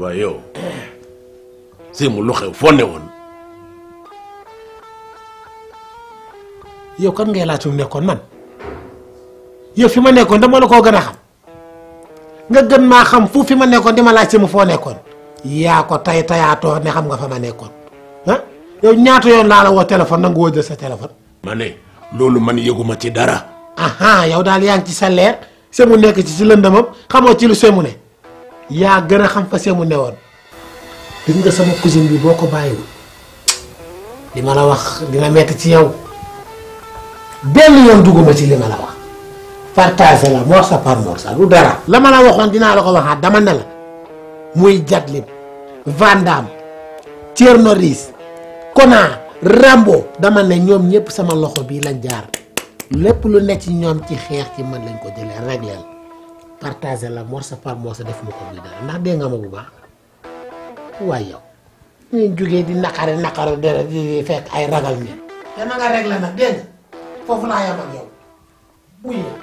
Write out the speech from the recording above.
waaye yow si mu lu xew foo ne woon yow kan ngay laaj fi nekkoon man yow fi ma nekkoon dama la koo gën a xam nga maa xam fu fi ma nekkoon di ma laaj si mu foo nekkoon yaa ko tay tayaatoo ne xam nga fa ma nekkoon yow ñaata yoon laa la woo téléphone nangu woo jël sa téléphone. ma ne loolu man yëguma ci dara. aha yow daal yaa ngi ci sa leer semu nekk ci si lëndamam xamoo ci lu semu ne Ya gëna xam fas mu newoon gis nga sama cousine bi boko ko bàyyiwul li mala wax dina metti ci yow ben yoon duguma ci li ma la wax partager la morceau par morceau lu dara la mala waxon dina la ko waxaat dama muy vandam Tiernoris, Kona Rambo dama ne ñom ñëpp sama loxo bi lañ jaar lepp lu ne ci ci xex ci man lañ ko jëlé réglé partagé la morceau par morceau def ma ko muy dara ndax dégg nga ma bu baax waaye yow ñu jógee di naqari naqaru dara di fekk ay ragal ngeen. te na nga nag dégg foofu laa yem ak